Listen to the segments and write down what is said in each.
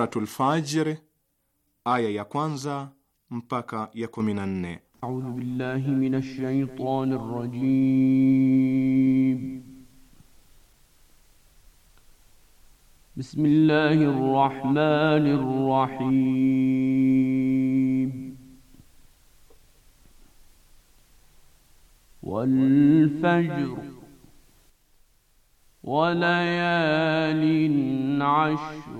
Suratul Fajr aya ya kwanza mpaka ya 14. A'udhu billahi minash shaitani rrajim. Bismillahir rahmanir rahim. Wal fajr wa layalin 'ashr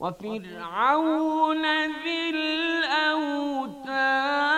وفرعون ذي الأوتاد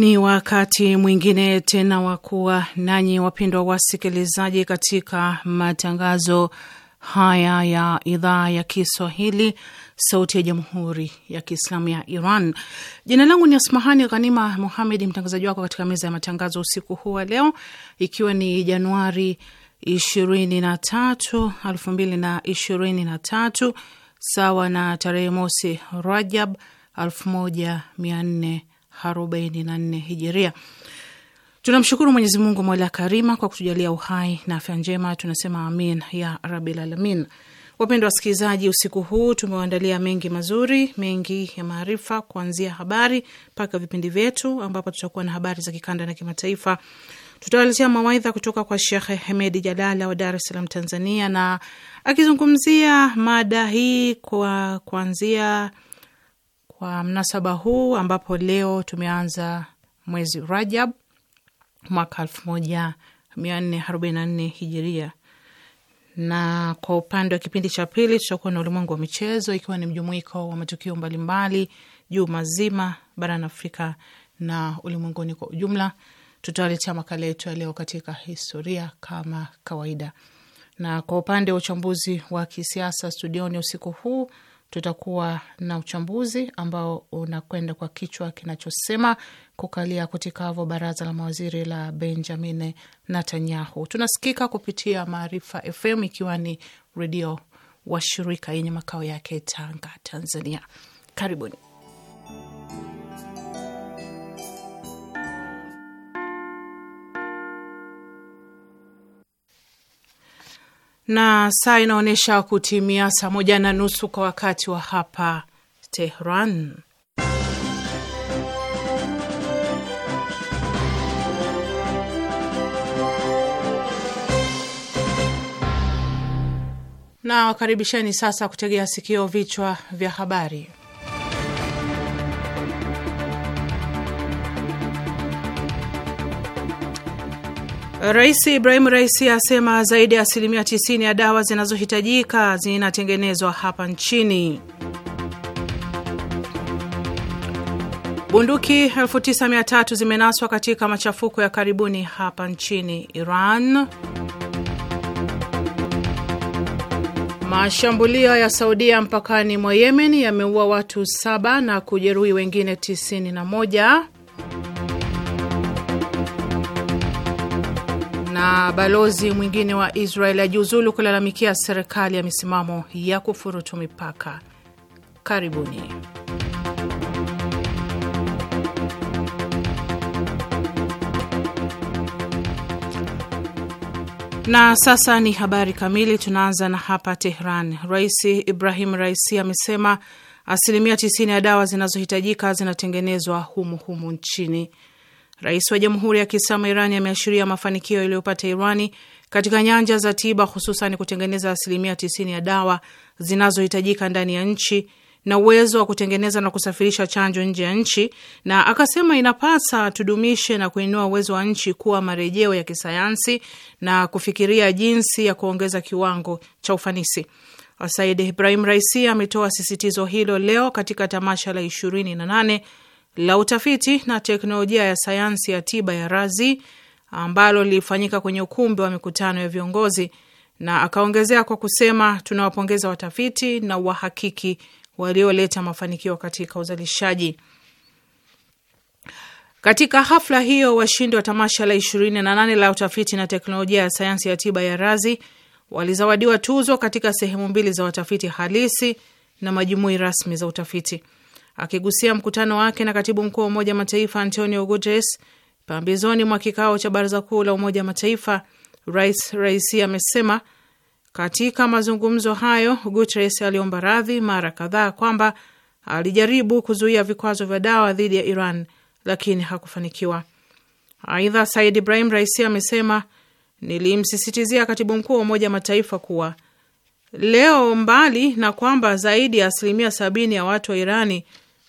Ni wakati mwingine tena wa kuwa nanyi wapendwa wasikilizaji, katika matangazo haya ya idhaa ya Kiswahili, Sauti ya Jamhuri ya Kiislamu ya Iran. Jina langu ni Asmahani Ghanima Muhamedi, mtangazaji wako katika meza ya matangazo usiku huu wa leo, ikiwa ni Januari 23, na mbili na ishirini sawa na tarehe mosi Rajab elfu arobaini hijiria. Tunamshukuru Mwenyezi Mungu mola karima kwa kutujalia uhai na afya njema, tunasema amin ya rabil alamin. Wapendwa wasikilizaji, usiku huu tumewaandalia mengi mazuri, mengi ya maarifa, kuanzia habari mpaka vipindi vyetu, ambapo tutakuwa na habari za kikanda na kimataifa. Tutawaletea mawaidha kutoka kwa Shekh Hemedi Jalala wa Dar es Salaam, Tanzania, na akizungumzia mada hii kwa kuanzia kwa mnasaba huu ambapo leo tumeanza mwezi Rajab mwaka elfu moja mia nne arobaini na nne hijiria, na kwa upande wa kipindi cha pili tutakuwa na ulimwengu wa michezo, ikiwa ni mjumuiko wa matukio mbalimbali juma zima barani Afrika na ulimwenguni kwa ujumla. Tutawaletea makala yetu ya leo katika historia kama kawaida, na kwa upande wa uchambuzi wa kisiasa studioni usiku huu tutakuwa na uchambuzi ambao unakwenda kwa kichwa kinachosema kukalia kutikavyo baraza la mawaziri la Benjamin Netanyahu. Tunasikika kupitia Maarifa FM ikiwa ni redio wa shirika yenye makao yake Tanga, Tanzania. Karibuni. na saa inaonyesha kutimia saa moja na nusu kwa wakati wa hapa Tehran. Na wakaribisheni sasa kutegea sikio vichwa vya habari. Rais Ibrahim Raisi asema zaidi ya asilimia 90 ya dawa zinazohitajika zinatengenezwa hapa nchini. Bunduki 9300 zimenaswa katika machafuko ya karibuni hapa nchini Iran. Mashambulio ya Saudia mpakani mwa Yemen yameua watu saba na kujeruhi wengine 91. Na balozi mwingine wa Israel ajiuzulu kulalamikia serikali ya misimamo ya kufurutu mipaka. Karibuni. Na sasa ni habari kamili. Tunaanza na hapa Tehran. Rais Ibrahim Raisi amesema asilimia 90 ya dawa zinazohitajika zinatengenezwa humu humu nchini. Rais wa Jamhuri ya Kiislamu Irani ameashiria mafanikio yaliyopata Irani katika nyanja za tiba, hususan kutengeneza asilimia 90 ya dawa zinazohitajika ndani ya nchi na uwezo wa kutengeneza na kusafirisha chanjo nje ya nchi, na akasema inapasa tudumishe na kuinua uwezo wa nchi kuwa marejeo ya kisayansi na kufikiria jinsi ya kuongeza kiwango cha ufanisi. Said Ibrahim Raisi ametoa sisitizo hilo leo katika tamasha la nane la utafiti na teknolojia ya sayansi ya tiba ya Razi ambalo lilifanyika kwenye ukumbi wa mikutano ya viongozi, na akaongezea kwa kusema, tunawapongeza watafiti na wahakiki walioleta mafanikio katika uzalishaji. Katika hafla hiyo, washindi wa tamasha la 28 la utafiti na teknolojia ya sayansi ya tiba ya Razi walizawadiwa tuzo katika sehemu mbili za watafiti halisi na majumui rasmi za utafiti akigusia mkutano wake na katibu mkuu wa Umoja Mataifa Antonio Guterres pambizoni mwa kikao cha Baraza Kuu la Umoja Mataifa, Rais Raisi amesema katika mazungumzo hayo Guterres aliomba radhi mara kadhaa kwamba alijaribu kuzuia vikwazo vya dawa dhidi ya Iran lakini hakufanikiwa. Aidha, Said Ibrahim Raisi amesema nilimsisitizia katibu mkuu wa Umoja Mataifa kuwa leo, mbali na kwamba zaidi ya asilimia sabini ya watu wa Irani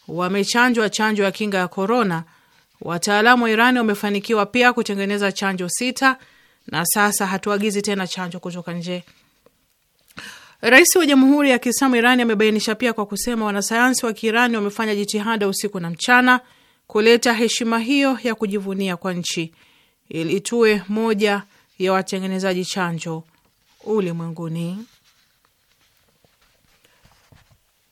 wamechanjwa chanjo ya kinga ya korona. Wataalamu wa Irani wamefanikiwa pia kutengeneza chanjo sita, na sasa hatuagizi tena chanjo kutoka nje. Rais wa Jamhuri ya Kiislamu Irani amebainisha pia kwa kusema wanasayansi wa Kiirani wamefanya jitihada usiku na mchana kuleta heshima hiyo ya kujivunia kwa nchi ili tuwe moja ya watengenezaji chanjo ulimwenguni.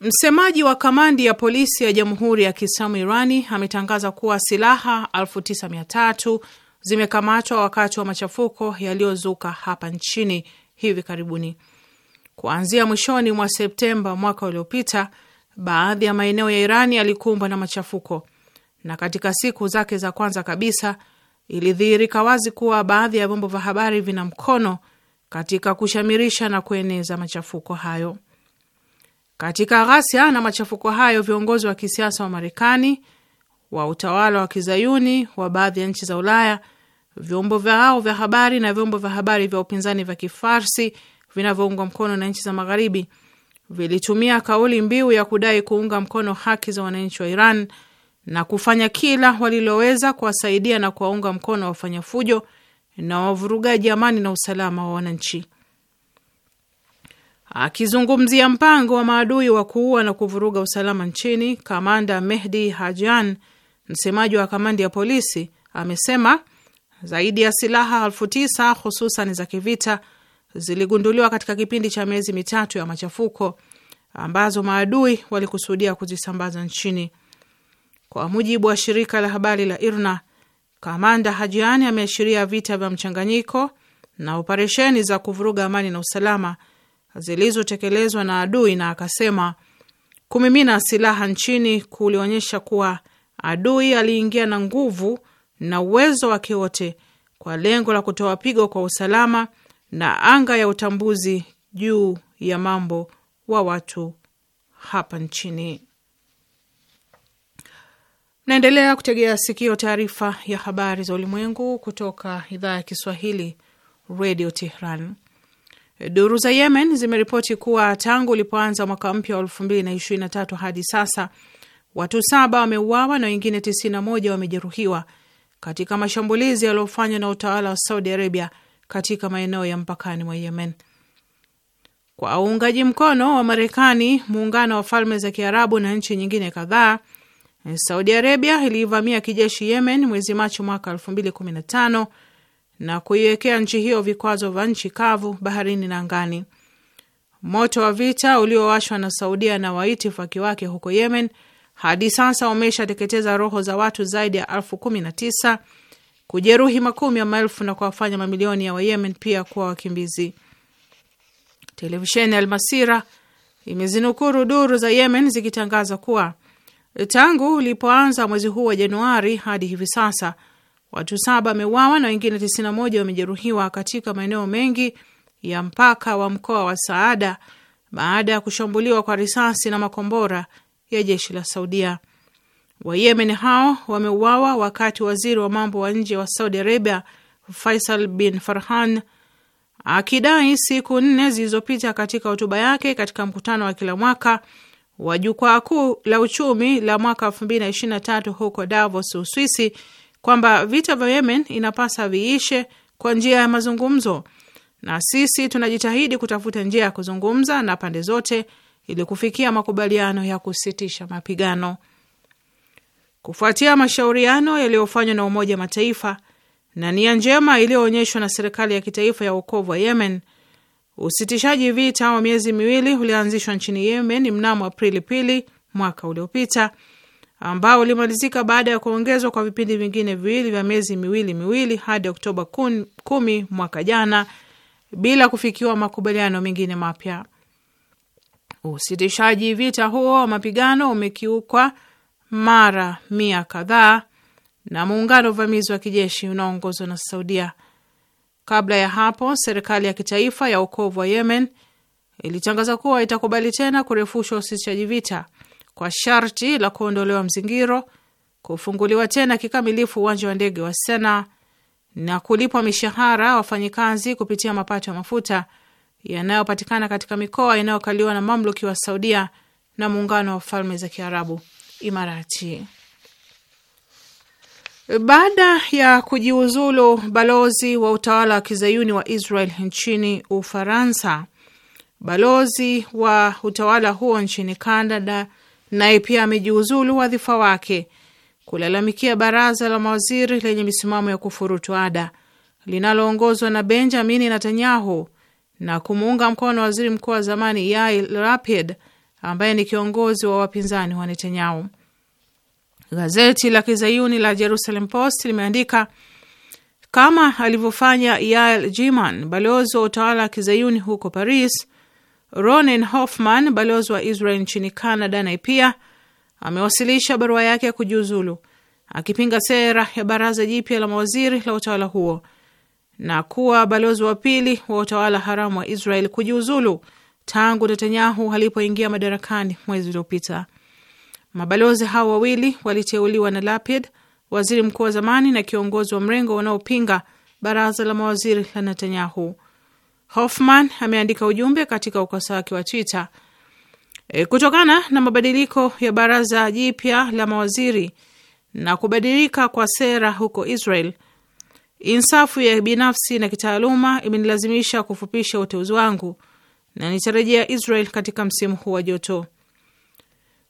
Msemaji wa kamandi ya polisi ya Jamhuri ya Kiislamu Irani ametangaza kuwa silaha 9300 zimekamatwa wakati wa machafuko yaliyozuka hapa nchini hivi karibuni. Kuanzia mwishoni mwa Septemba mwaka uliopita, baadhi ya maeneo ya Irani yalikumbwa na machafuko, na katika siku zake za kwanza kabisa ilidhihirika wazi kuwa baadhi ya vyombo vya habari vina mkono katika kushamirisha na kueneza machafuko hayo. Katika ghasia na machafuko hayo, viongozi wa kisiasa wa Marekani, wa utawala wa kizayuni wa baadhi ya nchi za Ulaya, vyombo vyao vya habari na vyombo vya habari vya upinzani vya Kifarsi vinavyoungwa mkono na nchi za Magharibi vilitumia kauli mbiu ya kudai kuunga mkono haki za wananchi wa Iran na kufanya kila waliloweza kuwasaidia na kuwaunga mkono wafanya fujo na wavurugaji amani na usalama wa wananchi. Akizungumzia mpango wa maadui wa kuua na kuvuruga usalama nchini, kamanda Mehdi Hajan, msemaji wa kamandi ya polisi, amesema zaidi ya silaha elfu tisa hususan za kivita ziligunduliwa katika kipindi cha miezi mitatu ya machafuko ambazo maadui walikusudia kuzisambaza nchini. Kwa mujibu wa shirika la habari la IRNA, kamanda Hajiani ameashiria vita vya mchanganyiko na operesheni za kuvuruga amani na usalama zilizotekelezwa na adui, na akasema kumimina silaha nchini kulionyesha kuwa adui aliingia na nguvu na uwezo wake wote kwa lengo la kutoa pigo kwa usalama na anga ya utambuzi juu ya mambo wa watu hapa nchini. Naendelea kutegea sikio taarifa ya habari za ulimwengu kutoka idhaa ya Kiswahili, Radio Tehran. Duru za Yemen zimeripoti kuwa tangu ulipoanza mwaka mpya wa tatu hadi sasa watu saba wameuawa na wengine 91 wamejeruhiwa katika mashambulizi yaliyofanywa na utawala wa Saudi Arabia katika maeneo ya mpakani mwa Yemen. Kwa uungaji mkono wa Marekani, muungano wa falme za Kiarabu na nchi nyingine kadhaa, Saudi Arabia iliivamia kijeshi Yemen mwezi Machi mwaka tano na kuiwekea nchi hiyo vikwazo vya nchi kavu, baharini na angani. Moto wa vita uliowashwa na Saudia na waitifaki wake huko Yemen hadi sasa umeshateketeza roho za watu zaidi ya elfu kumi na tisa kujeruhi makumi ya maelfu na kuwafanya mamilioni ya Wayemen pia kuwa wakimbizi. Televisheni Almasira imezinukuru duru za Yemen zikitangaza kuwa tangu ulipoanza mwezi huu wa Januari hadi hivi sasa Watu saba wameuawa na wengine 91 wamejeruhiwa katika maeneo mengi ya mpaka wa mkoa wa Saada baada ya kushambuliwa kwa risasi na makombora ya jeshi la Saudia. Wayemen hao wameuawa wakati waziri wa mambo wa nje wa Saudi Arabia Faisal bin Farhan akidai siku nne zilizopita katika hotuba yake katika mkutano wa kila mwaka wa jukwaa kuu la uchumi la mwaka 2023 huko Davos, Uswisi kwamba vita vya Yemen inapasa viishe kwa njia ya mazungumzo, na sisi tunajitahidi kutafuta njia ya kuzungumza na pande zote ili kufikia makubaliano ya kusitisha mapigano. Kufuatia mashauriano yaliyofanywa na Umoja wa Mataifa na nia njema iliyoonyeshwa na serikali ya kitaifa ya uokovu wa Yemen, usitishaji vita wa miezi miwili ulianzishwa nchini Yemen mnamo Aprili pili mwaka uliopita ambao ulimalizika baada ya kuongezwa kwa vipindi vingine viwili vya miezi miwili miwili hadi Oktoba kumi mwaka jana bila kufikiwa makubaliano mengine mapya. Usitishaji vita huo wa mapigano umekiukwa mara mia kadhaa na muungano uvamizi wa kijeshi unaoongozwa na Saudia. Kabla ya hapo, serikali ya kitaifa ya ukovu wa Yemen ilitangaza kuwa itakubali tena kurefushwa usitishaji vita kwa sharti la kuondolewa mzingiro, kufunguliwa tena kikamilifu uwanja wa ndege wa Sena na kulipwa mishahara wafanyikazi kupitia mapato ya mafuta yanayopatikana katika mikoa inayokaliwa na mamluki wa Saudia na muungano wa falme za Kiarabu, Imarati. Baada ya kujiuzulu balozi wa utawala wa kizayuni wa Israel nchini Ufaransa, balozi wa utawala huo nchini Canada naye pia amejiuzulu wadhifa wake kulalamikia baraza la mawaziri lenye misimamo ya kufurutu ada linaloongozwa na Benjamini Netanyahu na kumuunga mkono waziri mkuu wa zamani Yair Lapid ambaye ni kiongozi wa wapinzani wa Netanyahu. Gazeti la kizayuni la Jerusalem Post limeandika kama alivyofanya Yael Jiman, balozi wa utawala wa kizayuni huko Paris, Ronen Hoffman, balozi wa Israel nchini Canada, naye pia amewasilisha barua yake ya kujiuzulu akipinga sera ya baraza jipya la mawaziri la utawala huo na kuwa balozi wa pili wa utawala haramu wa Israel kujiuzulu tangu Netanyahu alipoingia madarakani mwezi uliopita. Mabalozi hao wawili waliteuliwa na Lapid, waziri mkuu wa zamani na kiongozi wa mrengo unaopinga baraza la mawaziri la Netanyahu. Hoffman ameandika ujumbe katika ukurasa wake wa Twitter. E, kutokana na mabadiliko ya baraza jipya la mawaziri na kubadilika kwa sera huko Israel, insafu ya binafsi na kitaaluma imenilazimisha kufupisha uteuzi wangu na nitarejea Israel katika msimu huu wa joto.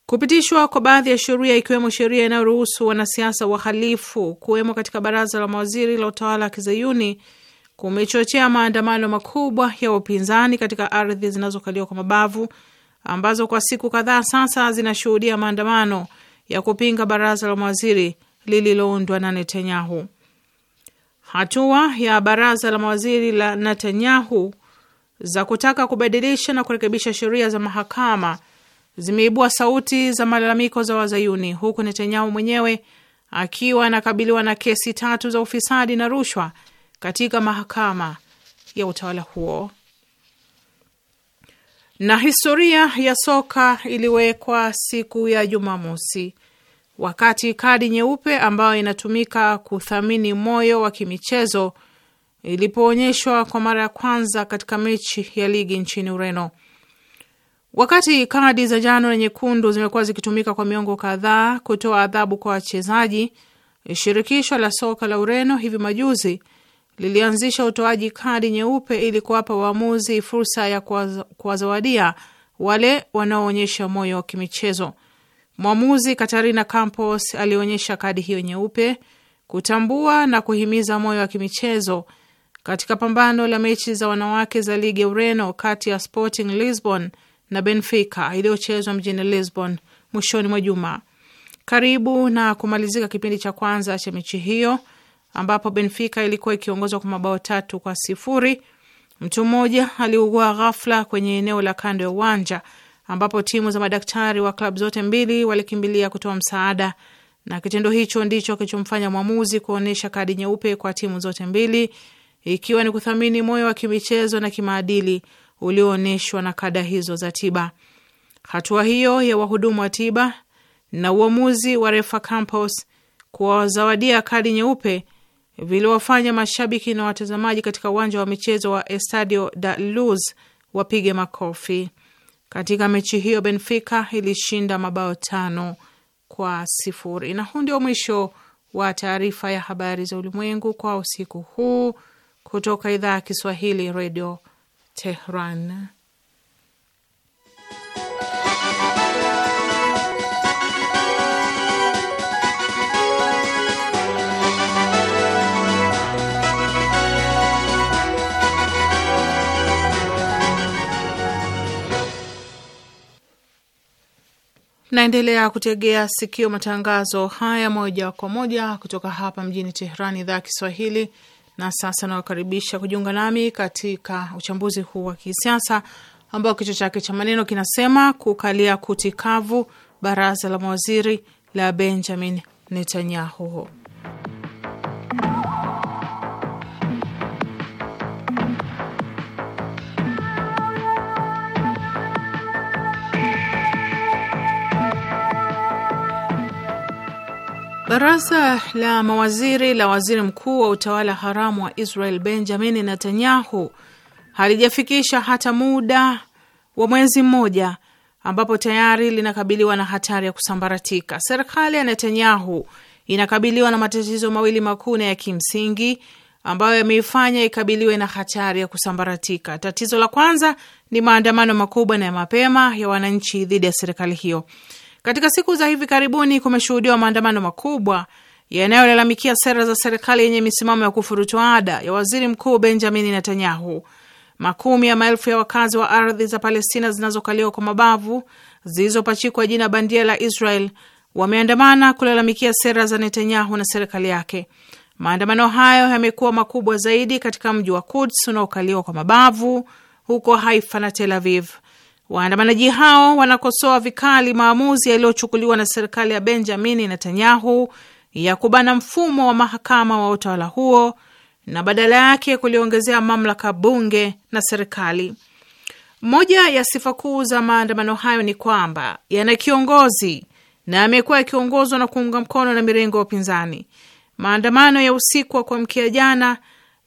Kupitishwa kwa baadhi ya sheria ikiwemo sheria inayoruhusu wanasiasa wahalifu kuwemo katika baraza la mawaziri la utawala wa kizayuni kumechochea maandamano makubwa ya upinzani katika ardhi zinazokaliwa kwa mabavu ambazo kwa siku kadhaa sasa zinashuhudia maandamano ya kupinga baraza la mawaziri lililoundwa na Netanyahu. Hatua ya baraza la mawaziri la Netanyahu za kutaka kubadilisha na kurekebisha sheria za mahakama zimeibua sauti za malalamiko za Wazayuni, huku Netanyahu mwenyewe akiwa anakabiliwa na kesi tatu za ufisadi na rushwa katika mahakama ya utawala huo. Na historia ya soka iliwekwa siku ya Jumamosi wakati kadi nyeupe ambayo inatumika kuthamini moyo wa kimichezo ilipoonyeshwa kwa mara ya kwanza katika mechi ya ligi nchini Ureno. Wakati kadi za njano na nyekundu zimekuwa zikitumika kwa miongo kadhaa kutoa adhabu kwa wachezaji, shirikisho la soka la Ureno hivi majuzi lilianzisha utoaji kadi nyeupe ili kuwapa waamuzi fursa ya kuwazawadia wale wanaoonyesha moyo wa kimichezo. Mwamuzi Katarina Campos alionyesha kadi hiyo nyeupe kutambua na kuhimiza moyo wa kimichezo katika pambano la mechi za wanawake za ligi ya Ureno kati ya Sporting Lisbon na Benfica iliyochezwa mjini Lisbon mwishoni mwa juma. Karibu na kumalizika kipindi cha kwanza cha mechi hiyo, ambapo Benfica ilikuwa ikiongozwa kwa mabao tatu kwa sifuri. Mtu mmoja aliugua ghafla kwenye eneo la kando ya uwanja ambapo timu za madaktari wa klabu zote mbili walikimbilia kutoa msaada, na kitendo hicho ndicho kilichomfanya mwamuzi kuonyesha kadi nyeupe kwa timu zote mbili, ikiwa ni kuthamini moyo wa kimichezo na kimaadili ulioonyeshwa na kada hizo za tiba. Hatua hiyo ya wahudumu wa tiba na uamuzi wa refa Campos kuwazawadia kadi nyeupe viliwafanya mashabiki na watazamaji katika uwanja wa michezo wa Estadio da Luz wapige makofi. Katika mechi hiyo Benfica ilishinda mabao tano kwa sifuri. Na huu ndio mwisho wa taarifa ya habari za ulimwengu kwa usiku huu kutoka idhaa ya Kiswahili, Redio Tehran. Naendelea kutegea sikio matangazo haya moja kwa moja kutoka hapa mjini Tehran, idhaa ya Kiswahili. Na sasa nawakaribisha kujiunga nami katika uchambuzi huu wa kisiasa ambao kichwa chake cha maneno kinasema kukalia kuti kavu baraza la mawaziri la Benjamin Netanyahu. Baraza la mawaziri la waziri mkuu wa utawala haramu wa Israel Benjamin Netanyahu halijafikisha hata muda wa mwezi mmoja ambapo tayari linakabiliwa na hatari ya kusambaratika. Serikali ya Netanyahu inakabiliwa na matatizo mawili makuu na ya kimsingi ambayo yameifanya ikabiliwe na hatari ya kusambaratika. Tatizo la kwanza ni maandamano makubwa na ya mapema ya wananchi dhidi ya serikali hiyo. Katika siku za hivi karibuni kumeshuhudiwa maandamano makubwa yanayolalamikia sera za serikali yenye misimamo ya kufurutu ada ya waziri mkuu Benjamin Netanyahu. Makumi ya maelfu ya wakazi wa ardhi za Palestina zinazokaliwa kwa mabavu zilizopachikwa jina bandia la Israel wameandamana kulalamikia sera za Netanyahu na serikali yake. Maandamano hayo yamekuwa makubwa zaidi katika mji wa Kuds unaokaliwa kwa mabavu, huko Haifa na Tel Aviv. Waandamanaji hao wanakosoa vikali maamuzi yaliyochukuliwa na serikali ya Benjamini Netanyahu ya kubana mfumo wa mahakama wa utawala huo na badala yake kuliongezea mamlaka bunge na serikali. Moja ya sifa kuu za maandamano hayo ni kwamba yana kiongozi na amekuwa yakiongozwa na kuunga mkono na mirengo ya upinzani. Maandamano ya usiku wa kuamkia jana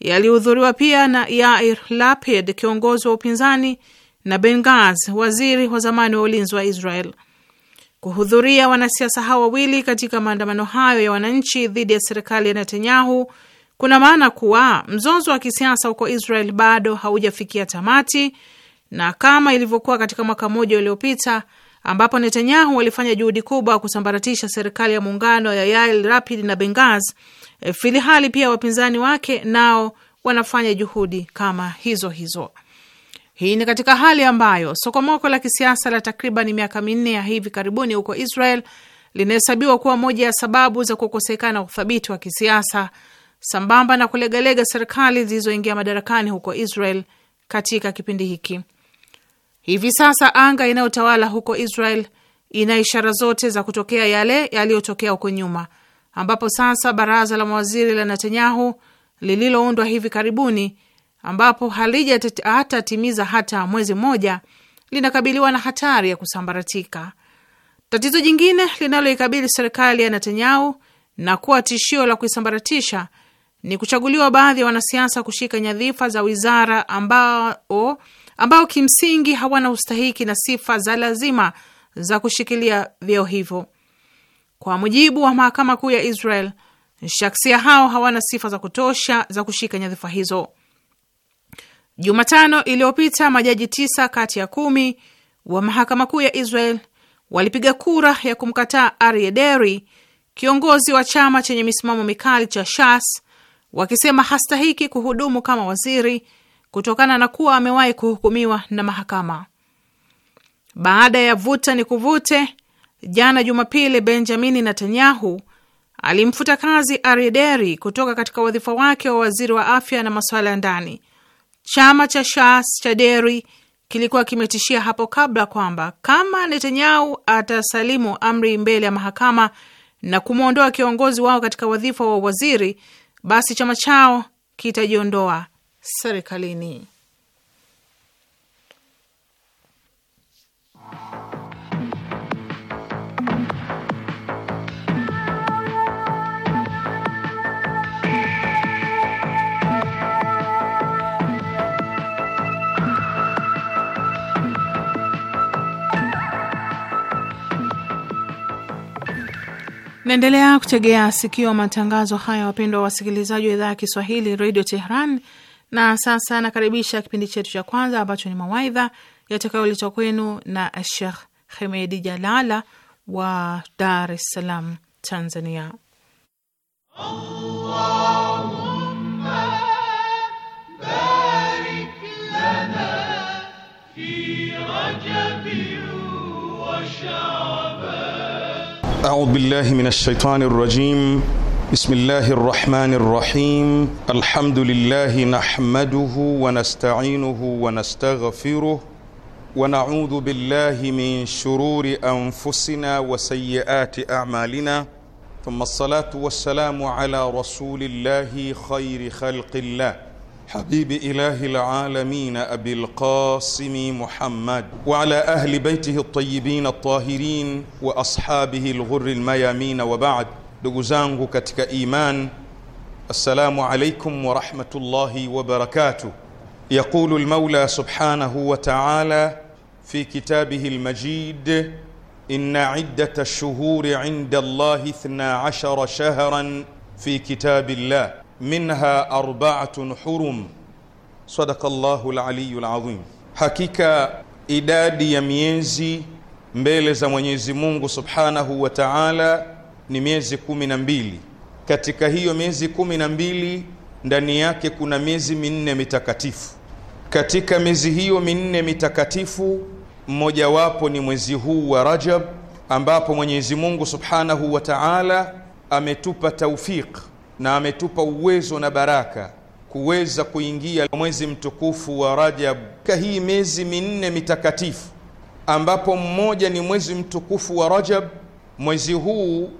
yalihudhuriwa pia na Yair Lapid, kiongozi wa upinzani na Ben waziri wa zamani wa ulinzi wa Israel. Kuhudhuria wanasiasa hao wawili katika maandamano hayo ya wananchi dhidi ya serikali ya Netanyahu kuna maana kuwa mzozo wa kisiasa huko Israel bado haujafikia tamati, na kama ilivyokuwa katika mwaka mmoja uliopita ambapo Netanyahu alifanya juhudi kubwa kusambaratisha serikali ya muungano ya Yair Lapid na Bengaz, eh, filihali pia wapinzani wake nao wanafanya juhudi kama hizo hizo. Hii ni katika hali ambayo sokomoko la kisiasa la takriban miaka minne ya hivi karibuni huko Israel linahesabiwa kuwa moja ya sababu za kukosekana uthabiti wa kisiasa sambamba na kulegalega serikali zilizoingia madarakani huko Israel katika kipindi hiki. Hivi sasa anga inayotawala huko Israel ina ishara zote za kutokea yale yaliyotokea huko nyuma, ambapo sasa baraza la mawaziri la Netanyahu lililoundwa hivi karibuni ambapo halijatimiza hata mwezi mmoja linakabiliwa na hatari ya kusambaratika. Tatizo jingine linaloikabili serikali ya Netanyahu na kuwa tishio la kuisambaratisha ni kuchaguliwa baadhi ya wanasiasa kushika nyadhifa za wizara ambao, ambao kimsingi hawana ustahiki na sifa za lazima za kushikilia vyeo hivyo. Kwa mujibu wa mahakama kuu ya Israel, shaksia hao hawana sifa za kutosha za kushika nyadhifa hizo. Jumatano iliyopita majaji tisa kati ya kumi wa mahakama kuu ya Israel walipiga kura ya kumkataa Arye Deri, kiongozi wa chama chenye misimamo mikali cha Shas, wakisema hastahiki kuhudumu kama waziri kutokana na kuwa amewahi kuhukumiwa na mahakama. Baada ya vuta ni kuvute, jana Jumapili, Benjamini Netanyahu alimfuta kazi Arye Deri kutoka katika wadhifa wake wa waziri wa afya na masuala ya ndani Chama cha Shas cha Deri kilikuwa kimetishia hapo kabla kwamba kama Netanyahu atasalimu amri mbele ya mahakama na kumwondoa kiongozi wao katika wadhifa wa waziri, basi chama chao kitajiondoa serikalini. Naendelea kutegea sikio wa matangazo haya, wapendwa wasikilizaji wa idhaa ya Kiswahili redio Tehran. Na sasa nakaribisha kipindi chetu cha kwanza ambacho ni mawaidha yatakayoletwa kwenu na Shekh Hemedi Jalala wa Dar es Salaam, Tanzania. Allahumma barik lana fi wa أعوذ بالله من الشيطان الرجيم بسم الله الرحمن الرحيم الحمد لله نحمده ونستعينه ونستغفره ونعوذ بالله من شرور أنفسنا وسيئات أعمالنا ثم الصلاة والسلام على رسول الله خير خلق الله حبيب إله العالمين أبي القاسم محمد وعلى أهل بيته الطيبين الطاهرين وأصحابه الغر الميامين وبعد دقزانه كتك إيمان السلام عليكم ورحمة الله وبركاته يقول المولى سبحانه وتعالى في كتابه المجيد إن عدة الشهور عند الله اثنا عشر شهرا في كتاب الله minha arbaatun hurum, sadaka Allahu laliyu ladhim. Hakika idadi ya miezi mbele za Mwenyezi Mungu subhanahu wa taala ni miezi kumi na mbili. Katika hiyo miezi kumi na mbili ndani yake kuna miezi minne mitakatifu. Katika miezi hiyo minne mitakatifu mmojawapo ni mwezi huu wa Rajab, ambapo Mwenyezi Mungu subhanahu wa taala ametupa taufiki na ametupa uwezo na baraka kuweza kuingia mwezi mtukufu wa Rajab, hii miezi minne mitakatifu, ambapo mmoja ni mwezi mtukufu wa Rajab. Mwezi huu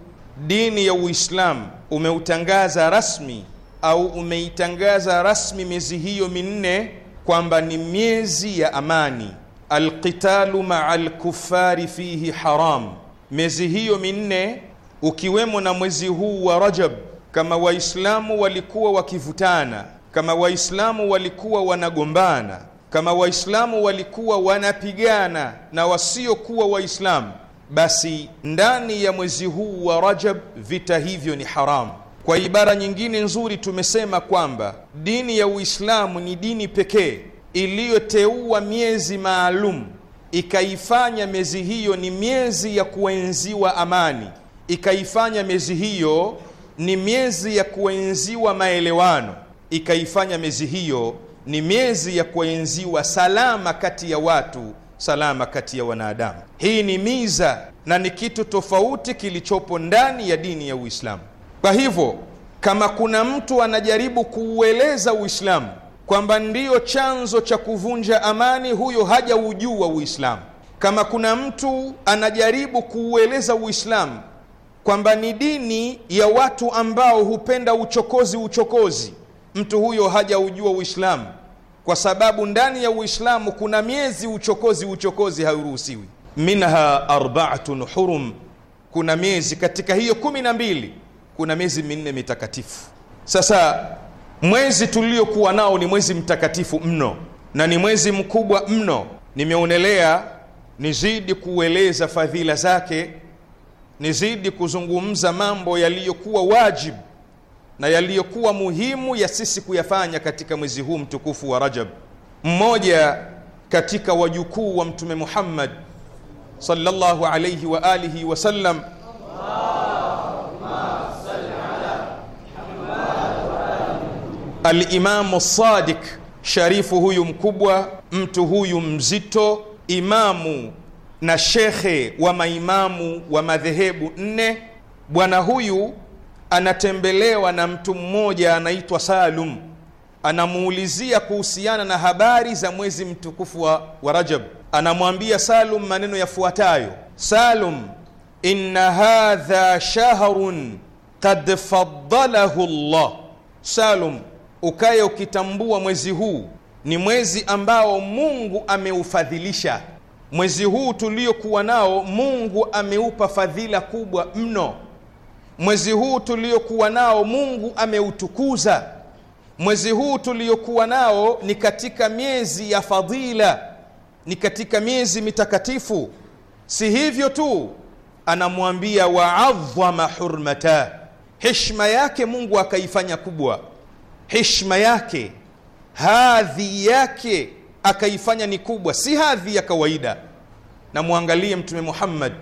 dini ya Uislamu umeutangaza rasmi au umeitangaza rasmi miezi hiyo minne kwamba ni miezi ya amani. Alqitalu maa alkufari fihi haram, miezi hiyo minne ukiwemo na mwezi huu wa Rajab kama Waislamu walikuwa wakivutana, kama Waislamu walikuwa wanagombana, kama Waislamu walikuwa wanapigana na wasiokuwa Waislamu, basi ndani ya mwezi huu wa Rajab vita hivyo ni haramu. Kwa ibara nyingine nzuri, tumesema kwamba dini ya Uislamu ni dini pekee iliyoteua miezi maalum ikaifanya miezi hiyo ni miezi ya kuenziwa amani, ikaifanya miezi hiyo ni miezi ya kuenziwa maelewano, ikaifanya miezi hiyo ni miezi ya kuenziwa salama kati ya watu, salama kati ya wanadamu. Hii ni miza na ni kitu tofauti kilichopo ndani ya dini ya Uislamu. Kwa hivyo kama kuna mtu anajaribu kuueleza Uislamu kwamba ndiyo chanzo cha kuvunja amani, huyo hajaujua Uislamu. Kama kuna mtu anajaribu kuueleza Uislamu kwamba ni dini ya watu ambao hupenda uchokozi uchokozi, mtu huyo hajaujua Uislamu, kwa sababu ndani ya Uislamu kuna miezi uchokozi uchokozi hauruhusiwi. Minha arbaatun hurum, kuna miezi katika hiyo kumi na mbili kuna miezi minne mitakatifu. Sasa mwezi tuliokuwa nao ni mwezi mtakatifu mno na ni mwezi mkubwa mno. Nimeonelea nizidi kueleza fadhila zake nizidi kuzungumza mambo yaliyokuwa wajibu na yaliyokuwa muhimu ya sisi kuyafanya katika mwezi huu mtukufu wa Rajab. Mmoja katika wajukuu wa Mtume Muhammad sallallahu alayhi wa alihi wasallam Alimamu Sadiq Sharifu, huyu mkubwa, mtu huyu mzito, imamu na shekhe wa maimamu wa madhehebu nne. Bwana huyu anatembelewa na mtu mmoja anaitwa Salum, anamuulizia kuhusiana na habari za mwezi mtukufu wa, wa Rajab. Anamwambia Salum maneno yafuatayo: Salum, inna hadha shahrun qad faddalahu Allah. Salum, ukaye ukitambua mwezi huu ni mwezi ambao Mungu ameufadhilisha mwezi huu tuliokuwa nao Mungu ameupa fadhila kubwa mno. Mwezi huu tuliokuwa nao Mungu ameutukuza. Mwezi huu tuliokuwa nao ni katika miezi ya fadhila, ni katika miezi mitakatifu. Si hivyo tu, anamwambia waadhama hurmata, heshima yake Mungu akaifanya kubwa, heshima yake, hadhi yake akaifanya ni kubwa, si hadhi ya kawaida. namwangalie Mtume Muhammad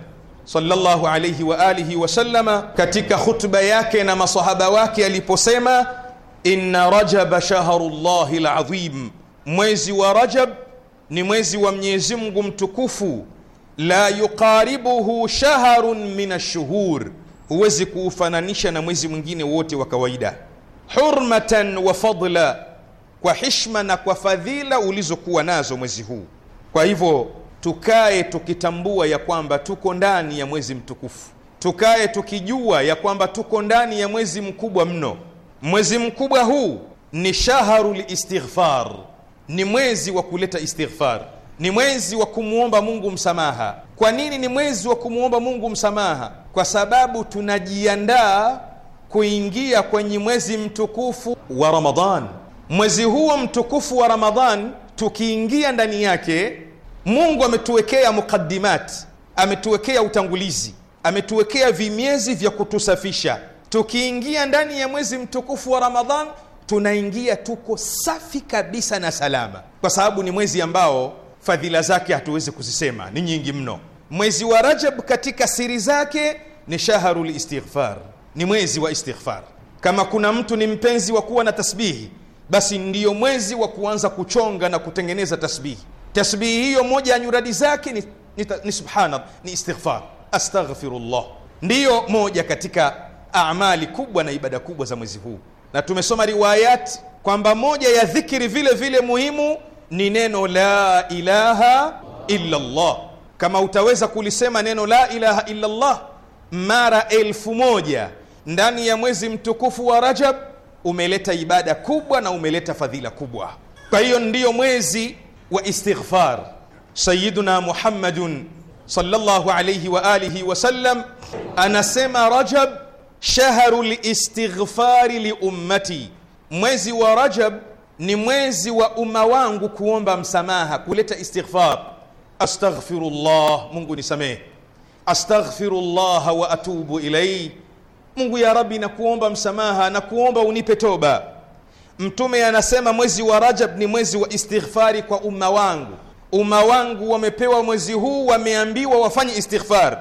sallallahu alayhi wa alihi wasallama katika khutba yake na masahaba wake aliposema, inna rajaba shahrullahi alazim, mwezi wa Rajab ni mwezi wa Mwenyezi Mungu mtukufu. La yuqaribuhu shahrun min ashuhur, huwezi kuufananisha na mwezi mwingine wote wa kawaida. Hurmatan wa fadla kwa hishma na kwa fadhila ulizokuwa nazo mwezi huu. Kwa hivyo tukae tukitambua ya kwamba tuko ndani ya mwezi mtukufu, tukae tukijua ya kwamba tuko ndani ya mwezi mkubwa mno. Mwezi mkubwa huu ni shaharul istighfar, ni mwezi wa kuleta istighfar, ni mwezi wa kumwomba Mungu msamaha. Kwa nini ni mwezi wa kumwomba Mungu msamaha? Kwa sababu tunajiandaa kuingia kwenye mwezi mtukufu wa Ramadhan mwezi huo mtukufu wa Ramadhan tukiingia ndani yake, Mungu ametuwekea mukaddimat, ametuwekea utangulizi, ametuwekea vimiezi vya kutusafisha. Tukiingia ndani ya mwezi mtukufu wa Ramadhan tunaingia tuko safi kabisa na salama, kwa sababu ni mwezi ambao fadhila zake hatuwezi kuzisema, ni nyingi mno. Mwezi wa Rajab katika siri zake ni shaharul istighfar, ni mwezi wa istighfar. Kama kuna mtu ni mpenzi wa kuwa na tasbihi basi ndiyo mwezi wa kuanza kuchonga na kutengeneza tasbihi. Tasbihi hiyo moja ya nyuradi zake ni, ni, ni subhana, ni istighfar, astaghfirullah, ndiyo moja katika amali kubwa na ibada kubwa za mwezi huu, na tumesoma riwayati kwamba moja ya dhikiri vile vile muhimu ni neno la ilaha illa Allah. Kama utaweza kulisema neno la ilaha illa Allah mara elfu moja ndani ya mwezi mtukufu wa Rajab umeleta ibada kubwa na umeleta fadhila kubwa. Kwa hiyo ndiyo mwezi wa istighfar. Sayyiduna Muhammadun sallallahu alayhi wa alihi wasallam anasema, Rajab shahru listighfari liummati, mwezi wa Rajab ni mwezi wa umma wangu kuomba msamaha, kuleta istighfar. Astaghfirullah, Mungu nisamehe. Astaghfirullah wa atubu ilayhi mungu ya rabi nakuomba msamaha na kuomba unipe toba mtume anasema mwezi wa rajab ni mwezi wa istighfari kwa umma wangu umma wangu wamepewa mwezi huu wameambiwa wafanye istighfar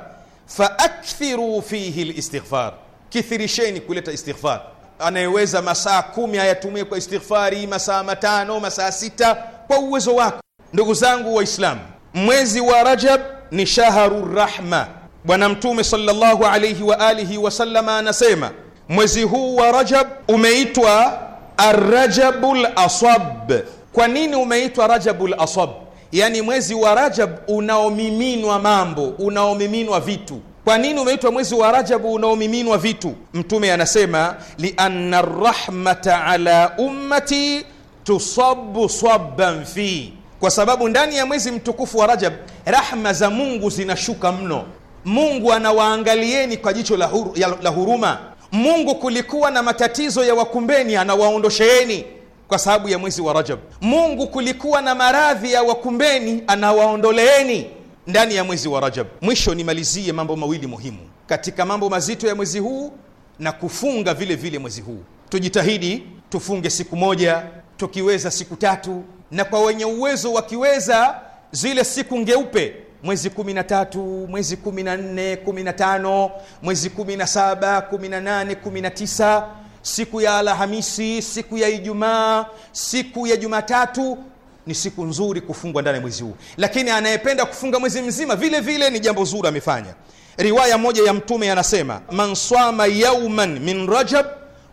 akthiru fihi listighfar kithirisheni kuleta istighfar anayeweza masaa kumi ayatumie kwa istighfari masaa matano masaa sita kwa uwezo wako ndugu zangu waislamu mwezi wa rajab ni shaharu rahma Bwana Mtume sallallahu alayhi wa alihi wasallama anasema mwezi huu wa Rajab umeitwa Arrajabul Asab. Kwa nini umeitwa Rajabul Asab? Yaani mwezi wa Rajab unaomiminwa mambo, unaomiminwa vitu. Kwa nini umeitwa mwezi wa Rajabu unaomiminwa vitu? Mtume anasema lianna rahmata ala ummati tusabu swaban fi, kwa sababu ndani ya mwezi mtukufu wa Rajab rahma za Mungu zinashuka mno. Mungu anawaangalieni kwa jicho la, huru, la huruma. Mungu kulikuwa na matatizo ya wakumbeni, anawaondosheeni kwa sababu ya mwezi wa Rajab. Mungu kulikuwa na maradhi ya wakumbeni, anawaondoleeni ndani ya mwezi wa Rajab. Mwisho nimalizie mambo mawili muhimu katika mambo mazito ya mwezi huu na kufunga vile vile mwezi huu. Tujitahidi tufunge siku moja, tukiweza siku tatu, na kwa wenye uwezo wakiweza zile siku ngeupe mwezi kumi na tatu mwezi kumi na nne kumi na tano mwezi kumi na saba kumi na nane kumi na tisa siku ya alhamisi siku ya ijumaa siku ya jumatatu ni siku nzuri kufungwa ndani ya mwezi huu lakini anayependa kufunga mwezi mzima vile vile ni jambo zuri amefanya riwaya moja ya mtume anasema man swama yauman min rajab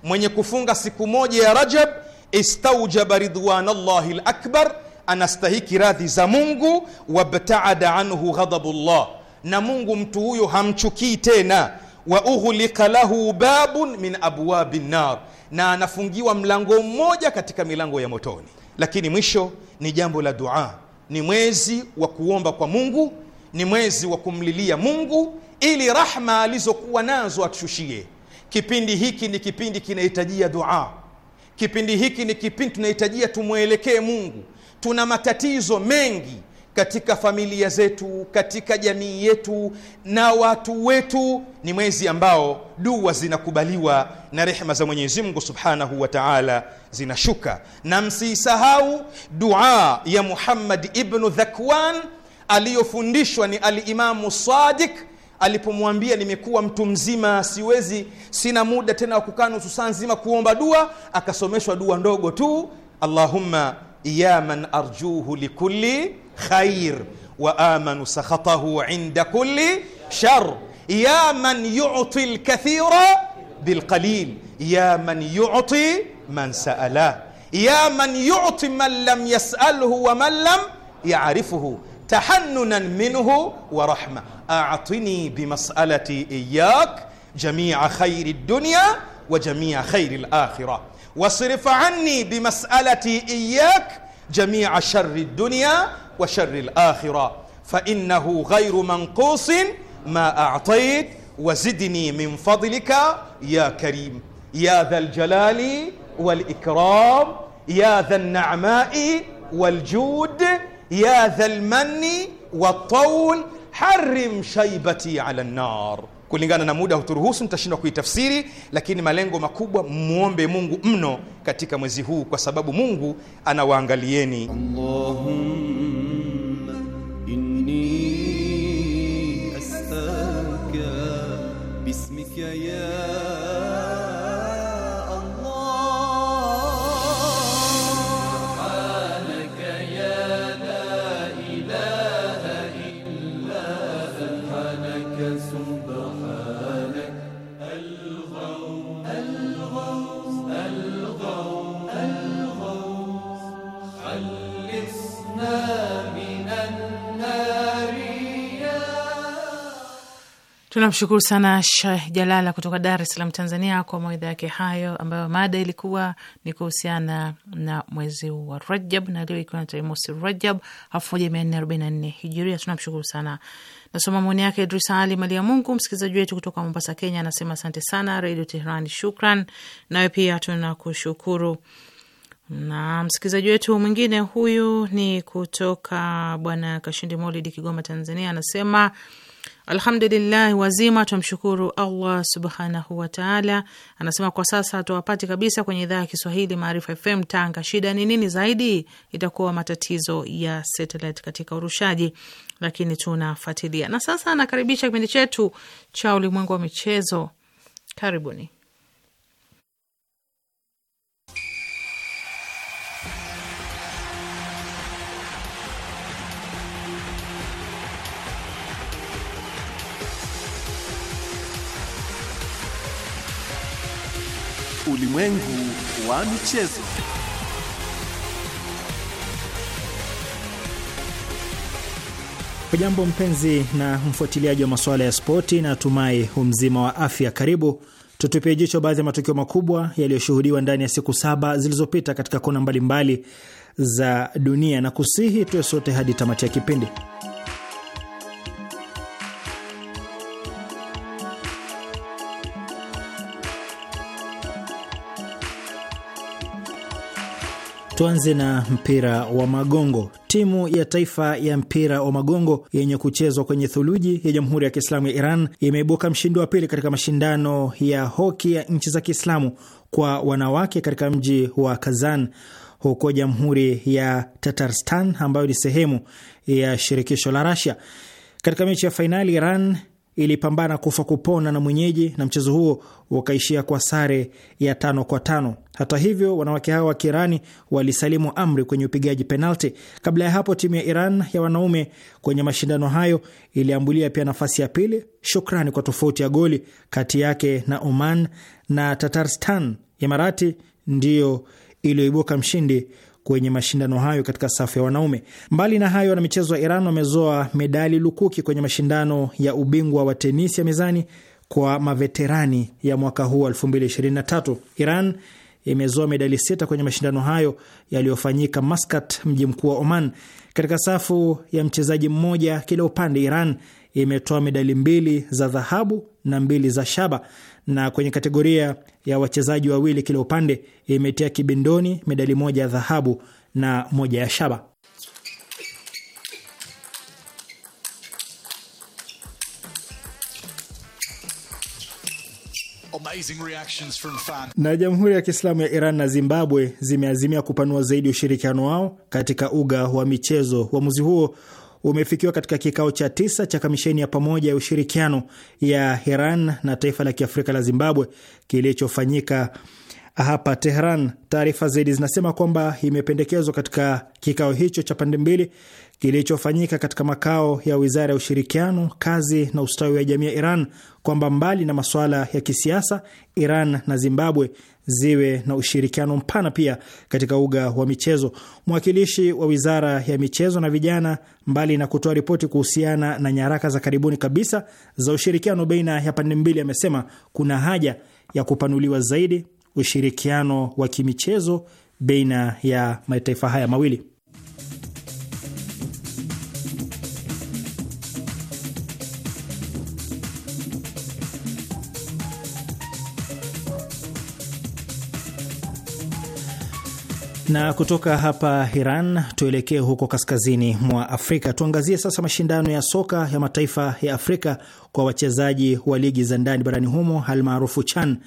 mwenye kufunga siku moja ya rajab istaujaba ridwanllahi lakbar anastahiki radhi za Mungu, wabtaada anhu ghadabullah, na Mungu mtu huyo hamchukii tena. Wa ughlika lahu babun min abwabi nnar, na anafungiwa mlango mmoja katika milango ya motoni. Lakini mwisho ni jambo la dua, ni mwezi wa kuomba kwa Mungu, ni mwezi wa kumlilia Mungu ili rahma alizokuwa nazo atushushie. Kipindi hiki ni kipindi kinahitajia dua, kipindi hiki ni kipindi tunahitajia tumwelekee Mungu Tuna matatizo mengi katika familia zetu, katika jamii yetu na watu wetu. Ni mwezi ambao dua zinakubaliwa na rehema za Mwenyezi Mungu Subhanahu wa Ta'ala zinashuka, na msiisahau dua ya Muhammad ibnu Dhakwan aliyofundishwa ni Alimamu Sadiq alipomwambia nimekuwa mtu mzima, siwezi, sina muda tena wa kukaa nusu saa nzima kuomba dua, akasomeshwa dua ndogo tu, allahumma يا من أرجوه لكل خير وآمن سخطه عند كل شر يا من يعطي الكثير بالقليل يا من يعطي من سأله يا من يعطي من لم يسأله ومن لم يعرفه تحننا منه ورحمة أعطني بمسألتي إياك جميع خير الدنيا وجميع خير الآخرة واصرف عني بمسألتي إياك جميع شر الدنيا وشر الآخرة فإنه غير منقوص ما أعطيت وزدني من فضلك يا كريم يا ذا الجلال والإكرام يا ذا النعماء والجود يا ذا المن والطول حرم شيبتي على النار kulingana na muda huturuhusu, nitashindwa kuitafsiri, lakini malengo makubwa, mwombe Mungu mno katika mwezi huu, kwa sababu Mungu anawaangalieni. Allahumma inni Tunamshukuru sana Sheh Jalala kutoka Dar es Salaam, Tanzania, kwa mawaidha yake hayo, ambayo mada ilikuwa ni kuhusiana na mwezi wa Rajab na leo ikiwa na tarehe mosi Rajab elfu moja mia nne arobaini na nne Hijiria. Tunamshukuru sana. Nasoma maoni yake Idrisa Ali Mali ya Mungu, msikilizaji wetu kutoka Mombasa, Kenya, anasema asante sana Redio Tehran, Shukran nawe pia tunakushukuru. Na msikilizaji wetu mwingine huyu ni kutoka Bwana Kashindi Molidi, Kigoma, Tanzania, anasema Alhamdulillah, wazima twamshukuru Allah subhanahu wataala. Anasema kwa sasa hatuwapati kabisa kwenye idhaa ya Kiswahili Maarifa FM Tanga. Shida ni nini zaidi? Itakuwa matatizo ya satelit katika urushaji, lakini tunafuatilia. Na sasa anakaribisha kipindi chetu cha ulimwengu wa michezo. Karibuni. Ulimwengu wa michezo. Hujambo mpenzi na mfuatiliaji wa masuala ya spoti, na tumai umzima wa afya. Karibu tutupie jicho baadhi ya matukio makubwa yaliyoshuhudiwa ndani ya siku saba zilizopita katika kona mbalimbali za dunia, na kusihi tuwe sote hadi tamati ya kipindi. Tuanze na mpira wa magongo. Timu ya taifa ya mpira wa magongo yenye kuchezwa kwenye thuluji ya Jamhuri ya Kiislamu ya Iran imeibuka mshindi wa pili katika mashindano ya hoki ya nchi za Kiislamu kwa wanawake katika mji wa Kazan huko Jamhuri ya Tatarstan ambayo ni sehemu ya shirikisho la Rasia. Katika mechi ya fainali Iran ilipambana kufa kupona na mwenyeji na mchezo huo ukaishia kwa sare ya tano kwa tano. Hata hivyo, wanawake hao wa Kiirani walisalimu amri kwenye upigaji penalti. Kabla ya hapo, timu ya Iran ya wanaume kwenye mashindano hayo iliambulia pia nafasi ya pili, shukrani kwa tofauti ya goli kati yake na Oman, na Tatarstan Imarati ndiyo iliyoibuka mshindi kwenye mashindano hayo katika safu ya wanaume. Mbali na hayo, wanamichezo wa Iran wamezoa medali lukuki kwenye mashindano ya ubingwa wa tenisi ya mezani kwa maveterani ya mwaka huu 2023. Iran imezoa medali sita kwenye mashindano hayo yaliyofanyika Maskat, mji mkuu wa Oman. Katika safu ya mchezaji mmoja kila upande, Iran imetoa medali mbili za dhahabu na mbili za shaba na kwenye kategoria ya wachezaji wawili kila upande imetia kibindoni medali moja ya dhahabu na moja ya shaba. Na Jamhuri ya Kiislamu ya Iran na Zimbabwe zimeazimia kupanua zaidi ushirikiano wao katika uga wa michezo. Uamuzi huo umefikiwa katika kikao cha tisa cha kamisheni ya pamoja ya ushirikiano ya Iran na taifa la kiafrika la Zimbabwe kilichofanyika hapa Tehran. Taarifa zaidi zinasema kwamba imependekezwa katika kikao hicho cha pande mbili kilichofanyika katika makao ya wizara ya ushirikiano, kazi na ustawi wa jamii ya Iran kwamba mbali na masuala ya kisiasa, Iran na Zimbabwe ziwe na ushirikiano mpana pia katika uga wa michezo. Mwakilishi wa wizara ya michezo na vijana, mbali na kutoa ripoti kuhusiana na nyaraka za karibuni kabisa za ushirikiano baina ya pande mbili, amesema kuna haja ya kupanuliwa zaidi ushirikiano wa kimichezo baina ya mataifa haya mawili. Na kutoka hapa Iran tuelekee huko kaskazini mwa Afrika. Tuangazie sasa mashindano ya soka ya mataifa ya Afrika kwa wachezaji wa ligi za ndani barani humo almaarufu CHAN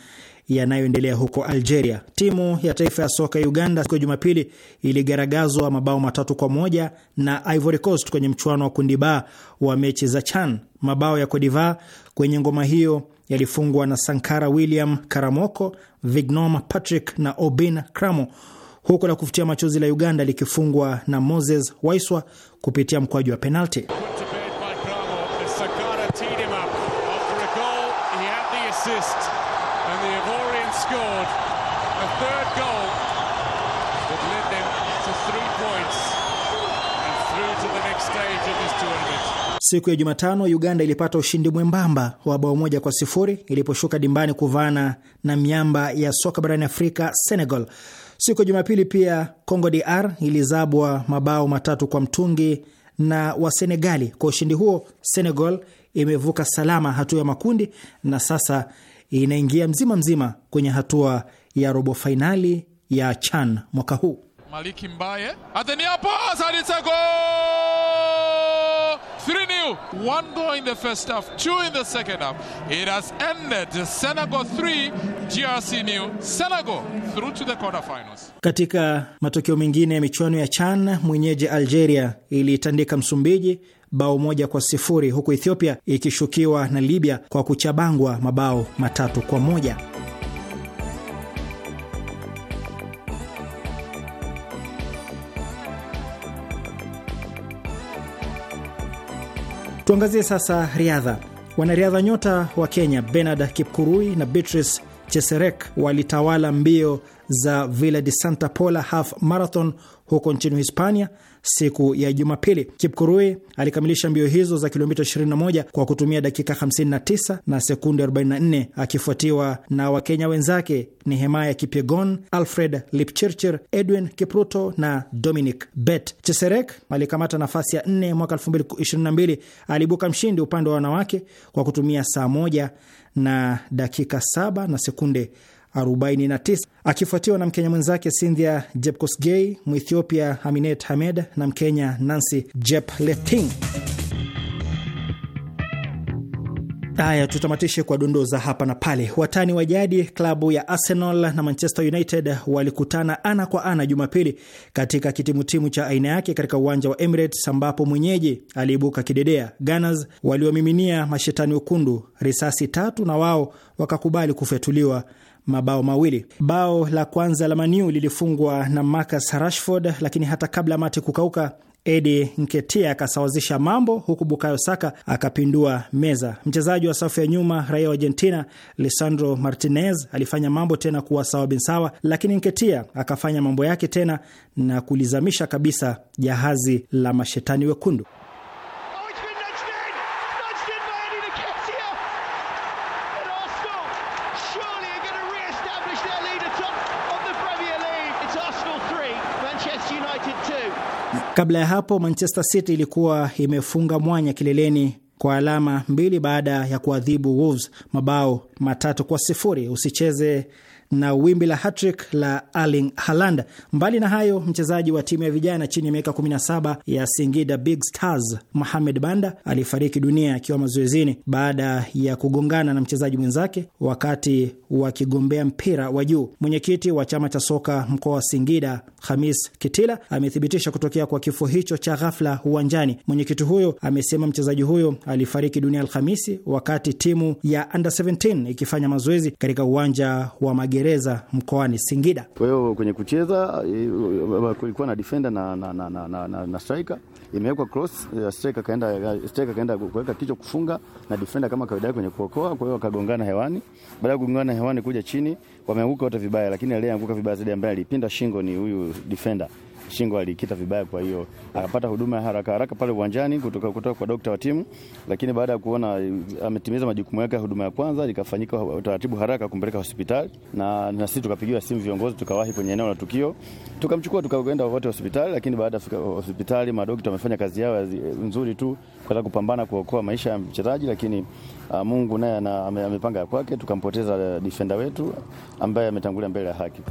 yanayoendelea huko Algeria. Timu ya taifa ya soka ya Uganda siku ya Jumapili iligaragazwa mabao matatu kwa moja na Ivory Coast kwenye mchuano wa kundi ba wa mechi za CHAN. Mabao ya Kodiva kwenye ngoma hiyo yalifungwa na Sankara William Karamoko, Vignom Patrick na Obin Kramo huku la kufutia machozi la Uganda likifungwa na Moses Waiswa kupitia mkwaji wa penalti. Siku ya Jumatano, Uganda ilipata ushindi mwembamba wa bao moja kwa sifuri iliposhuka dimbani kuvaana na miamba ya soka barani Afrika, Senegal. Siku ya Jumapili pia Congo DR ilizabwa mabao matatu kwa mtungi na Wasenegali. Kwa ushindi huo, Senegal imevuka salama hatua ya makundi na sasa inaingia mzima mzima kwenye hatua ya robo fainali ya CHAN mwaka huu. Maliki Mbaye Ateni hapo 3 0. One goal in the first half, two in the second half. It has ended Senegal 3, GRC nil. Senegal through to the quarterfinals. Katika matokeo mengine ya michuano ya CHAN, mwenyeji Algeria ilitandika Msumbiji bao moja kwa sifuri huku Ethiopia ikishukiwa na Libya kwa kuchabangwa mabao matatu kwa moja. Tuangazie sasa riadha. Wanariadha nyota wa Kenya Benard Kipkurui na Beatrice Cheserek walitawala mbio za Villa di Santa Pola half marathon huko nchini Hispania siku ya Jumapili. Kipkurui alikamilisha mbio hizo za kilomita 21 kwa kutumia dakika 59 na sekunde 44, akifuatiwa na Wakenya wenzake ni Hemaya Kipyegon, Alfred Lipchirchir, Edwin Kipruto na Dominic Bet. Cheserek alikamata nafasi ya 4 mwaka 2022, aliibuka mshindi upande wa wanawake kwa kutumia saa moja na dakika 7 na sekunde 49 akifuatiwa na Mkenya mwenzake Cynthia Jepkosgei, Mwethiopia Aminet Hamed na Mkenya Nancy Jepleting. Haya, tutamatishe kwa dondoo za hapa na pale. Watani wa jadi klabu ya Arsenal na Manchester United walikutana ana kwa ana Jumapili katika kitimutimu cha aina yake katika uwanja wa Emirates ambapo mwenyeji aliibuka kidedea. Gunners waliomiminia mashetani wekundu risasi tatu na wao wakakubali kufyatuliwa mabao mawili. Bao la kwanza la Maniu lilifungwa na Marcus Rashford, lakini hata kabla mate kukauka Edi Nketia akasawazisha mambo huku Bukayo Saka akapindua meza. Mchezaji wa safu ya nyuma raia wa Argentina Lisandro Martinez alifanya mambo tena kuwa sawa bin sawa, lakini Nketia akafanya mambo yake tena na kulizamisha kabisa jahazi la mashetani wekundu. Kabla ya hapo Manchester City ilikuwa imefunga mwanya kileleni kwa alama mbili baada ya kuadhibu Wolves mabao matatu kwa sifuri. Usicheze na wimbi la hatrick la Erling Haaland. Mbali na hayo, mchezaji wa timu ya vijana chini ya miaka 17 ya Singida Big Stars Mohamed Banda alifariki dunia akiwa mazoezini baada ya kugongana na mchezaji mwenzake wakati wakigombea mpira wa juu. Mwenyekiti wa chama cha soka mkoa wa Singida Khamis Kitila amethibitisha kutokea kwa kifo hicho cha ghafla uwanjani. Mwenyekiti huyo amesema mchezaji huyo alifariki dunia Alhamisi wakati timu ya under 17 ikifanya mazoezi katika uwanja wa magereza mkoani Singida. Kwa hiyo kwenye kucheza kulikuwa na defender na, na, na, na, na, na, na striker imewekwa cross, striker kaenda striker kaenda kuweka kichwa kufunga na defender kama kawaida kwenye kuokoa, kwa hiyo akagongana hewani. Baada ya kugongana hewani kuja chini wameanguka wote vibaya, lakini aliyeanguka vibaya zaidi ambaye alipinda shingo ni huyu defender shingo alikita vibaya, kwa hiyo akapata huduma ya haraka haraka pale uwanjani kutoka, kutoka kwa daktari wa timu. Lakini baada ya kuona ametimiza majukumu yake ya huduma ya kwanza, likafanyika utaratibu haraka kumpeleka hospitali, na, na sisi tukapigiwa simu viongozi, tukawahi kwenye eneo la tukio, tukamchukua tukaenda wote hospitali. Lakini baada ya hospitali, madaktari wamefanya kazi yao nzuri tu kwa kupambana kuokoa maisha ya mchezaji, lakini Ah, Mungu naye amepanga kwake, tukampoteza eh, defender wetu ambaye ametangulia mbele ya haki.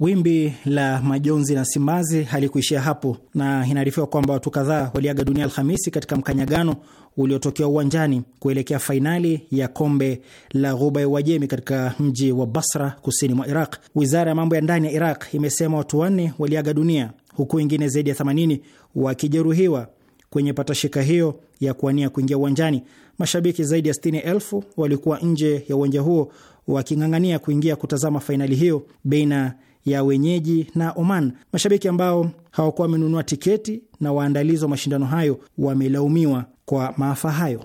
Wimbi la majonzi na simbazi halikuishia hapo, na inaarifiwa kwamba watu kadhaa waliaga dunia Alhamisi katika mkanyagano uliotokea uwanjani kuelekea fainali ya kombe la Ghuba ya Uajemi katika mji wa Basra, kusini mwa Iraq. Wizara ya mambo ya ndani ya Iraq imesema watu wanne waliaga dunia huku wengine zaidi ya 80 wakijeruhiwa kwenye patashika hiyo ya kuania kuingia uwanjani. Mashabiki zaidi ya 60,000 walikuwa nje ya uwanja huo waking'ang'ania kuingia kutazama fainali hiyo baina ya wenyeji na Oman. Mashabiki ambao hawakuwa wamenunua tiketi na waandalizi wa mashindano hayo wamelaumiwa kwa maafa hayo.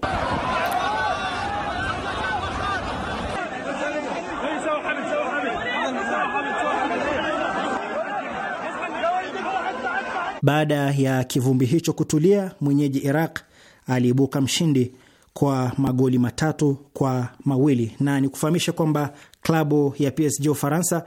Baada ya kivumbi hicho kutulia, mwenyeji Iraq aliibuka mshindi kwa magoli matatu kwa mawili, na ni kufahamisha kwamba klabu ya PSG Ufaransa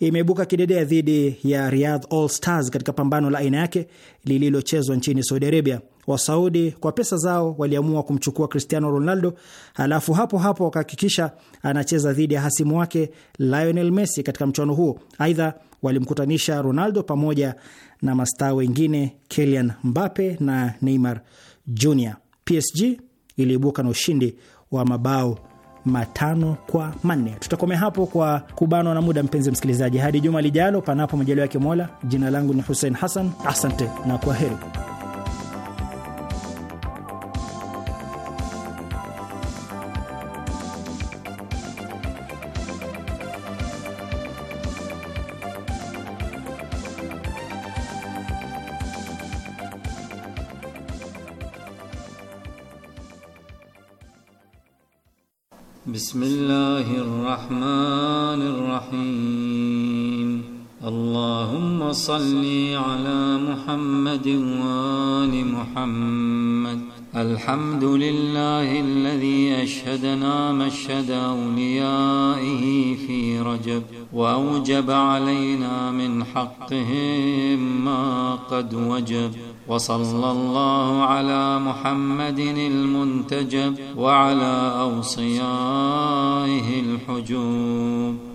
imeibuka kidedea dhidi ya Riyadh All Stars katika pambano la aina yake lililochezwa nchini Saudi Arabia. Wasaudi kwa pesa zao waliamua kumchukua Cristiano Ronaldo, alafu hapo hapo wakahakikisha anacheza dhidi ya hasimu wake Lionel Messi katika mchuano huo. Aidha, walimkutanisha Ronaldo pamoja na mastaa wengine Kylian Mbappe na Neymar Jr. PSG iliibuka na ushindi wa mabao matano kwa manne. Tutakomea hapo kwa kubanwa na muda, mpenzi msikilizaji, hadi juma lijalo, panapo majaliwa yake Mola. Jina langu ni Hussein Hassan, asante na kwa heri. بسم الله الرحمن الرحيم اللهم صل على محمد وآل محمد الحمد لله الذي أشهدنا مشهد أوليائه في رجب وأوجب علينا من حقهم ما قد وجب وصلى الله على محمد المنتجب وعلى أوصيائه الحجوب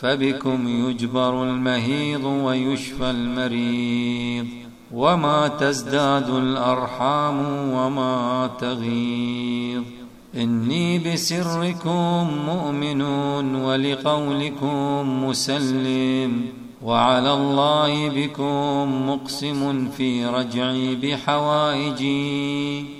فبكم يجبر المهيض ويشفى المريض وما تزداد الأرحام وما تغيض إني بسركم مؤمن ولقولكم مسلم وعلى الله بكم مقسم في رجعي بحوائجي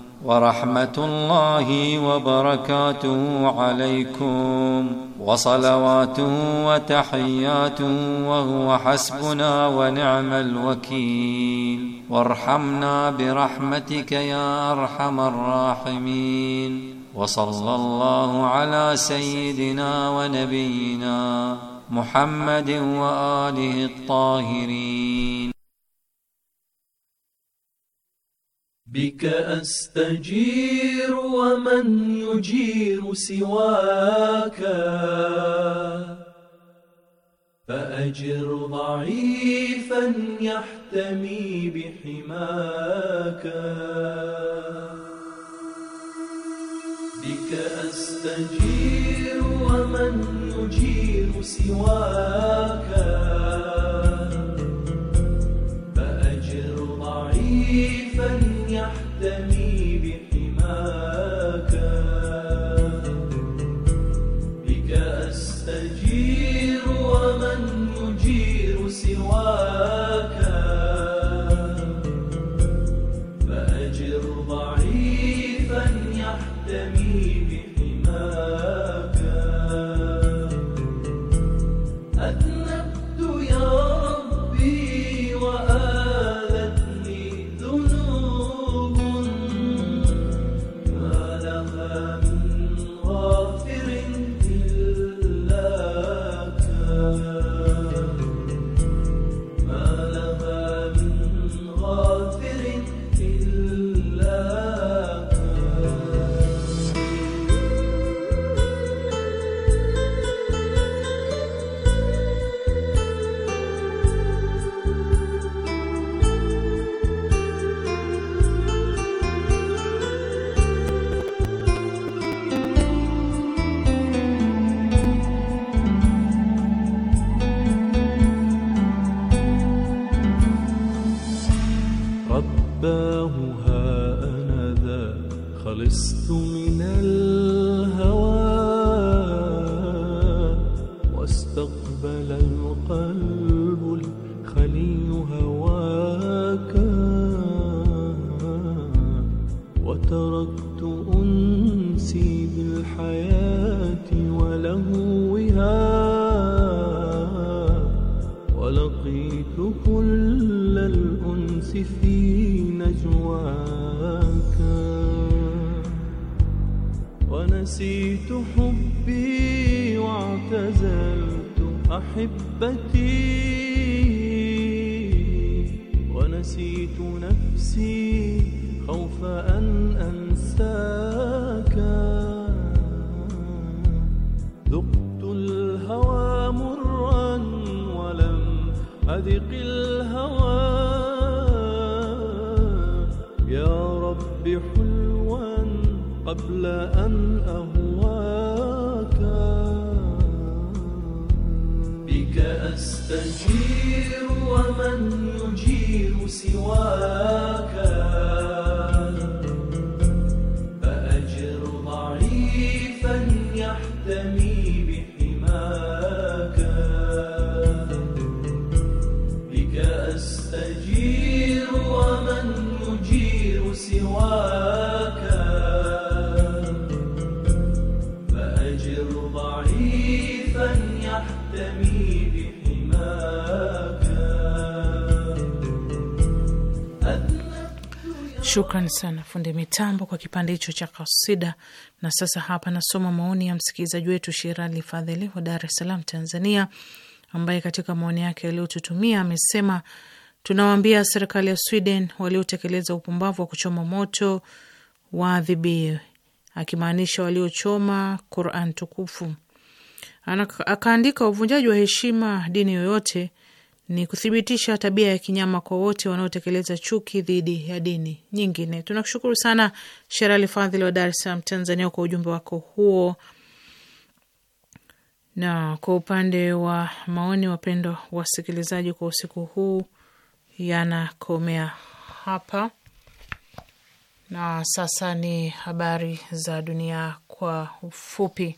ورحمه الله وبركاته عليكم وصلواته وتحياته وهو حسبنا ونعم الوكيل وارحمنا برحمتك يا ارحم الراحمين وصلى الله على سيدنا ونبينا محمد واله الطاهرين بك أستجير ومن يجير سواك فأجر ضعيفا يحتمي بحماك بك أستجير ومن يجير سواك Shukran sana fundi mitambo kwa kipande hicho cha kasida. Na sasa hapa nasoma maoni ya msikilizaji wetu Shirali Fadhili wa Dar es Salaam, Tanzania, ambaye katika maoni yake yaliyotutumia amesema tunawaambia serikali ya Sweden waliotekeleza upumbavu wa kuchoma moto waadhibiwe, akimaanisha waliochoma Quran tukufu. Akaandika, uvunjaji wa heshima dini yoyote ni kuthibitisha tabia ya kinyama kwa wote wanaotekeleza chuki dhidi ya dini nyingine. Tunakushukuru sana Sherali Fadhili wa Dar es Salaam, Tanzania, kwa ujumbe wako huo. Na kwa upande wa maoni, wapendwa wasikilizaji, kwa usiku huu yanakomea hapa, na sasa ni habari za dunia kwa ufupi.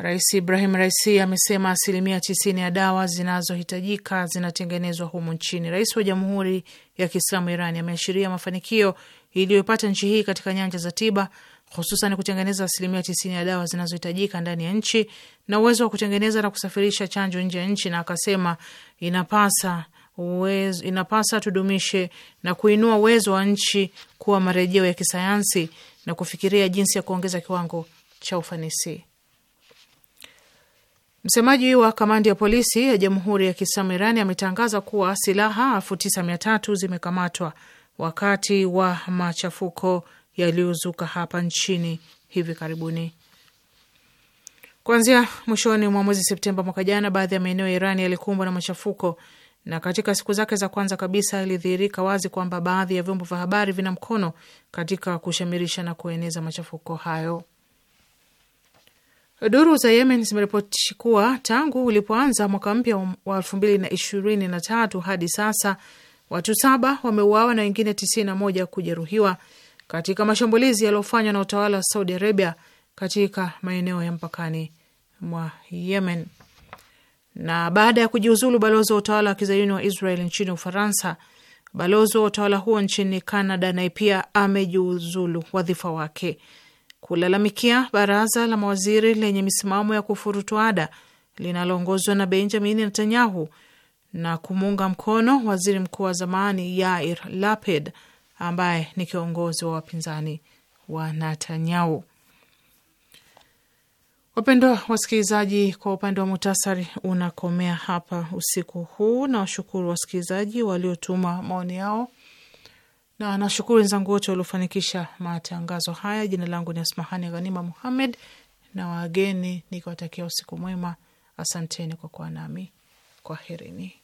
Rais Ibrahim Raisi amesema asilimia tisini ya dawa zinazohitajika zinatengenezwa humu nchini. Rais wa Jamhuri ya Kiislamu iran ameashiria mafanikio iliyopata nchi hii katika nyanja za tiba, hususan kutengeneza asilimia tisini ya dawa zinazohitajika ndani ya nchi na uwezo wa kutengeneza na kusafirisha chanjo nje ya nchi, na akasema inapasa uwezo, inapasa tudumishe na kuinua uwezo wa nchi kuwa marejeo ya kisayansi na kufikiria jinsi ya kuongeza kiwango cha ufanisi Msemaji wa kamandi ya polisi ya Jamhuri ya Kiislamu Irani ametangaza kuwa silaha elfu tisa mia tatu zimekamatwa wakati wa machafuko yaliyozuka hapa nchini hivi karibuni. Kuanzia mwishoni mwa mwezi Septemba mwaka jana, baadhi ya maeneo ya Irani yalikumbwa na machafuko, na katika siku zake za kwanza kabisa ilidhihirika wazi kwamba baadhi ya vyombo vya habari vina mkono katika kushamirisha na kueneza machafuko hayo. Duru za Yemen zimeripoti kuwa tangu ulipoanza mwaka mpya wa elfu mbili na ishirini na tatu hadi sasa watu saba wameuawa na wengine tisini na moja kujeruhiwa katika mashambulizi yaliyofanywa na utawala wa Saudi Arabia katika maeneo ya mpakani mwa Yemen. Na baada ya kujiuzulu balozi wa utawala wa kizayuni wa Israel nchini Ufaransa, balozi wa utawala huo nchini Canada naye pia amejiuzulu wadhifa wake kulalamikia baraza la mawaziri lenye misimamo ya kufurutu ada linaloongozwa na Benjamin Netanyahu na kumuunga mkono waziri mkuu wa zamani Yair Lapid ambaye ni kiongozi wa wapinzani wa Netanyahu. Wapendwa wasikilizaji, kwa upande wa muhtasari unakomea hapa usiku huu, na washukuru wasikilizaji waliotuma maoni yao na nashukuru wenzangu wote waliofanikisha matangazo haya. Jina langu ni Asmahani Ghanima Muhammed na wageni nikiwatakia usiku mwema. Asanteni kwa kuwa nami, kwaherini.